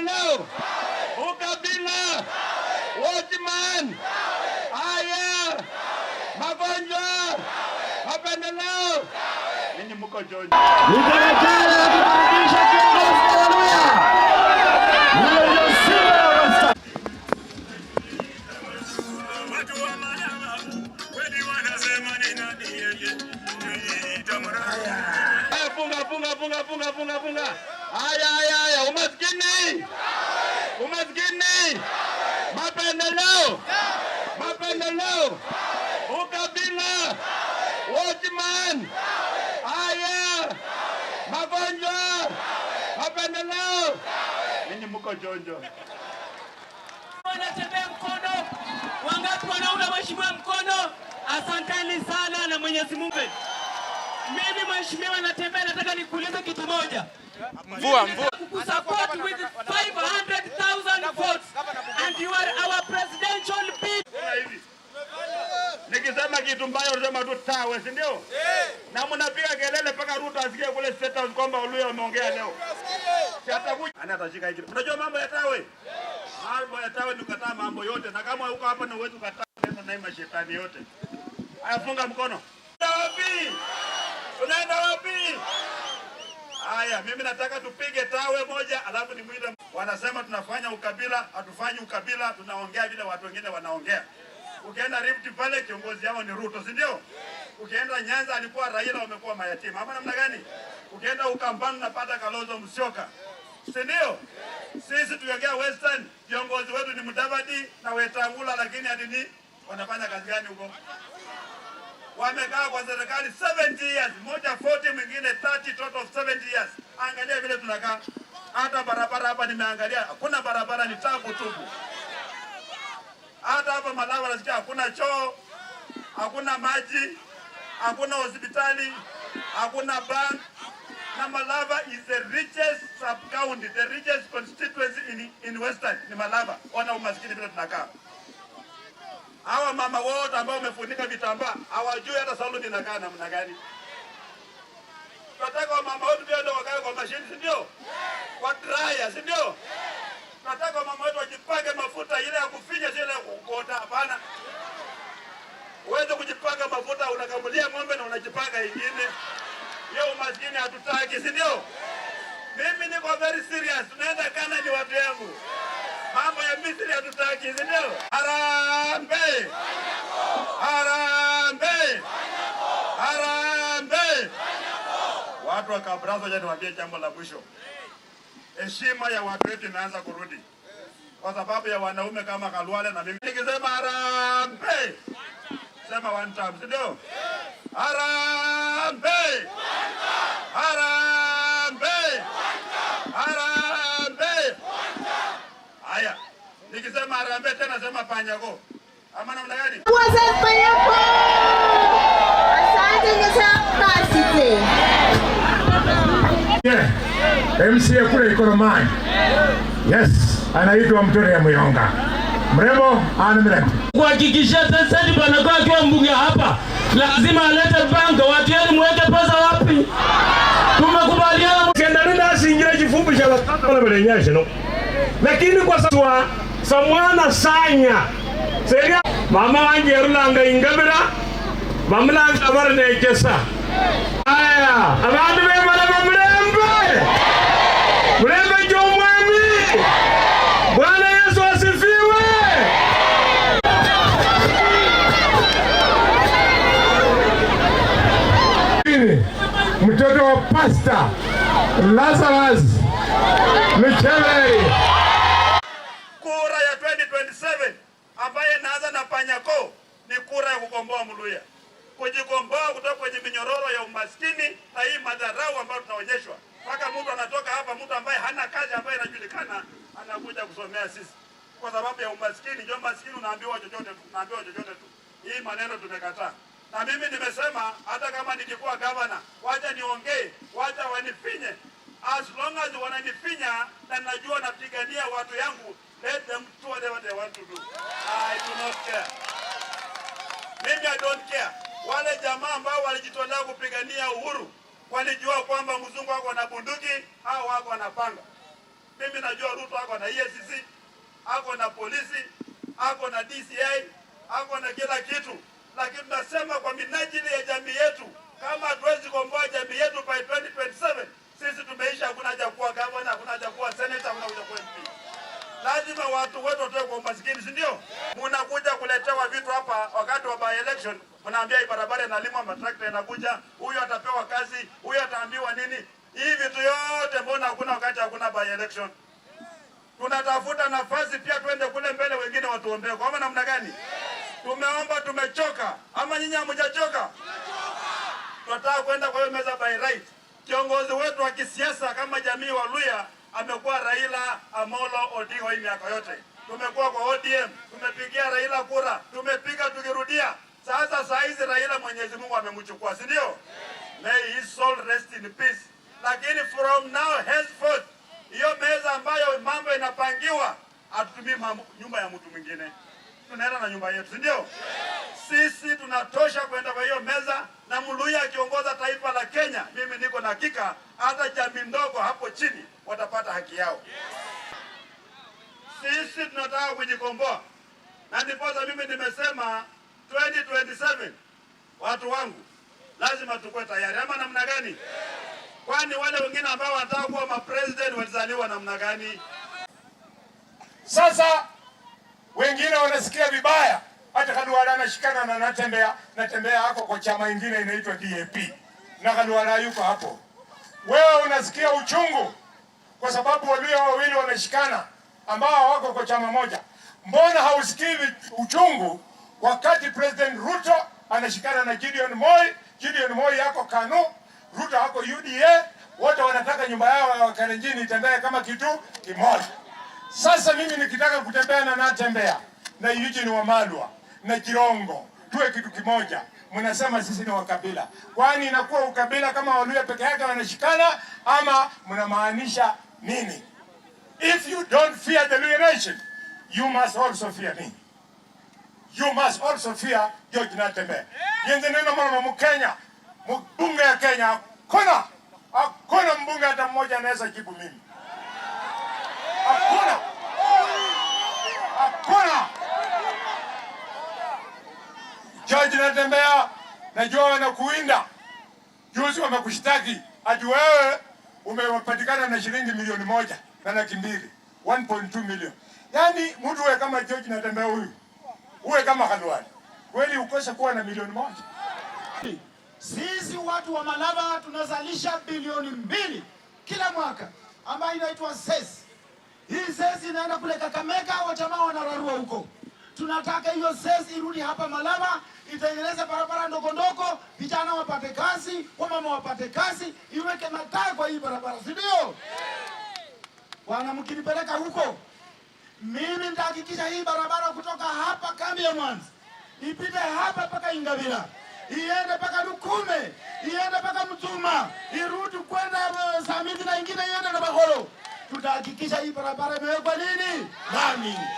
Hello! Ukabila! Watchman! Haya! Magonjwa! Mapendeleo! Ninyi mko Georgia. Nitawacha kukaribisha mapendeleo, ukabila, Watchman, haya magonjwa, mapendeleo. Ninyi mko jonjo, wanatembea mkono wangapi? Wanaona mheshimiwa mkono. Asanteni sana na Mwenyezi Mungu mimi mheshimiwa anatembea, nataka nikuulize kitu moja. Mvua mvua. Kukusupport with 500,000 votes and you are our presidential bid. Nikisema kitu mbaya unasema tu tawe, si ndio? Na mnapiga kelele mpaka Ruto asikie kule State House kwamba Oluya ameongea leo. Si atakuja. Ana atashika hiki. Unajua mambo ya tawe? Mambo ya tawe tukataa mambo yote na kama uko hapa na uwezo ukataa neno na mashetani yote. Ayafunga mkono. Tawapi. Tunaenda wapi? Haya, mimi nataka tupige tawe moja, alafu ni mwida. Wanasema tunafanya ukabila, hatufanyi ukabila, tunaongea vile watu wengine wanaongea. Ukienda Rift pale kiongozi yao ni Ruto, si ndio? Ukienda Nyanza alikuwa Raila, wamekuwa mayatima ama namna gani? Ukienda Ukambani napata Kalonzo Musyoka, si ndio? Sisi tukiongea Western, viongozi wetu ni Mudavadi na Wetangula, lakini hadi ni wanafanya kazi gani huko? wamekaa kwa serikali 70 years, moja 40 mwingine 30, total of 70 years. Angalia vile tunakaa, hata barabara hapa nimeangalia, hakuna barabara, ni tabu tubu. Hata hapa Malawa nasikia hakuna choo, hakuna maji, hakuna hospitali, hakuna bank. Na Malava is the richest sub county, the richest constituency in, in Western ni Malava. Ona umaskini vile tunakaa hawa mama wote ambao wamefunika vitambaa hawajui hata saluni inakaa namna gani. Tunataka wamama wetu pia ndio wakae kwa mashini, si ndio? Kwa dryer, si ndio? Tunataka wamama wetu wajipake mafuta ile ya kufinya, si ile ya kuota. Hapana, uweze kujipaka mafuta, unakamulia ng'ombe na unajipaka ingine. Hiyo umaskini hatutaki, si ndio? Mimi niko very serious, tunaenda kana ni watu yangu Mambo ya Misri hatutaki, si ndio? Harambe, harambe, harambe! Watu wa Kabrazo, je, niwaambie jambo la mwisho. Heshima ya watu wetu inaanza kurudi kwa sababu ya wanaume kama Kalwale na mimi. Nikisema harambe, sema one time, si ndio? Harambe, harambe! tunasema panyago ama namna gani? MCA kule Ikoromani. Yes, anaitwa Mtoro ya Muyonga. Mrembo ana mrembo. Kuhakikisha sasa ni bwana akiwa mbunge hapa, lazima alete bango, watu yenu muweke pesa wapi? Tumekubaliana. Kendani nasi ingira kifupi cha watoto na mlenyeshe Lakini kwa sababu samwana sanya seria mama wange yarulanga ingabira bamulanga bari nekesa aya abandu bebala ba mulembe mulembe jomwami bwana yesu asifiwe mtoto wa pasta lazarus mchevei 27 ambaye naanza na panyako ni kura ya kukomboa Mluya, kujikomboa kutoka kwenye minyororo ya umaskini na hii madharau ambayo tunaonyeshwa mpaka mtu anatoka hapa, mtu ambaye hana kazi, ambaye anajulikana, anakuja kusomea sisi kwa sababu ya umaskini. Ndio maskini, unaambiwa chochote tu, unaambiwa chochote tu. Hii maneno tumekataa, na mimi nimesema hata kama nikikuwa gavana, wacha niongee, wacha wanifinye, as long as wananifinya na najua napigania watu yangu Let them do whatever they want to do. I do not care. Maybe I don't care. Wale jamaa ambao walijitolea kupigania uhuru walijua kwamba mzungu wako na bunduki au wako na panga. Mimi najua Ruto ako na EACC, ako na polisi, ako na DCI, ako na kila kitu, lakini tunasema kwa minajili ya jamii yetu. Kama hatuwezi kuomboa jamii yetu by 2027, sisi tumeisha. Hakuna haja kuwa gavana, hakuna haja kuwa senator, hakuna haja kuwa MP lazima watu wote watoe kwa umasikini, si ndio? Mnakuja kuletewa vitu hapa wakati wa by election, mnaambia hii barabara inalimwa matrakta, inakuja huyu atapewa kazi, huyu ataambiwa nini. Hii vitu yote mbona hakuna wakati hakuna by election? Tunatafuta nafasi pia twende kule mbele, wengine watuombee. Kwa maana namna gani? Tumeomba, tumechoka. Ama nyinyi hamjachoka? Tunataka kwenda kwa hiyo meza by right. Kiongozi wetu wa kisiasa kama jamii wa Luya amekuwa Raila Amolo Odinga hii miaka yote. Tumekuwa kwa ODM, tumepigia Raila kura, tumepiga tukirudia. Sasa saa hizi Raila Mwenyezi Mungu amemchukua, si ndio? May his soul rest in peace. Lakini from now henceforth, hiyo meza ambayo mambo inapangiwa hatutumii nyumba ya mtu mwingine, tunaenda na nyumba yetu, si ndio? Sisi tunatosha kwenda kwa hiyo meza na Mluya akiongoza taifa la Kenya, mimi niko na hakika hata jamii ndogo hapo chini watapata haki yao. Sisi tunataka kujikomboa, na ndiposa mimi nimesema 2027 watu wangu, lazima tukue tayari, ama namna gani? Kwani wale wengine ambao wanataka kuwa mapresident walizaliwa namna gani? Sasa wengine wanasikia vibaya hata Khaduara anashikana na natembea natembea hako kwa chama ingine inaitwa DAP na Khaduara yuko hapo. Wewe unasikia uchungu kwa sababu walio wawili wanashikana ambao wako kwa chama moja. Mbona hausikii uchungu wakati President Ruto anashikana na Gideon Moi? Gideon Moi yako KANU, Ruto ako UDA, wote wanataka nyumba yao ya Wakalenjin itembee kama kitu kimoja. Sasa mimi nikitaka kutembea na natembea na Eugene Wamalwa na Kirongo tuwe kitu kimoja. Mnasema sisi ni wakabila, kwani inakuwa ukabila kama Waluya peke yake wanashikana ama mnamaanisha nini? If you don't fear the Luhya nation you must also fear me, you must also fear George Natembe. Yenze neno mama Mkenya, mbunge ya Kenya, hakuna hakuna mbunge hata mmoja anaweza jibu mimi wanatembea, najua wanakuinda. Juzi wamekushtaki ati wewe umepatikana na shilingi milioni moja na laki mbili 1.2 milioni. Yaani mtu uwe kama George natembea huyu uwe kama Khalwani kweli, ukose kuwa na milioni moja. Sisi watu wa Malava tunazalisha bilioni mbili kila mwaka ambayo inaitwa sesi. Hii sesi inaenda kule Kakamega, wajamaa wanararua huko. Tunataka hiyo ZES irudi hapa Malaba, itengeneze barabara ndogo ndogo, vijana wapate kazi, wamama wapate kazi, iweke makaa kwa hii barabara, si ndio? Bwana, mkinipeleka huko mimi nitahakikisha hii barabara kutoka hapa kambi ya Mwanza ipite hapa mpaka Ingabila, iende mpaka Dukume, iende mpaka Mtuma, irudi kwenda eh, Samiti na ingine iende na Bagoro. Tutahakikisha hii barabara imewekwa nini, lami.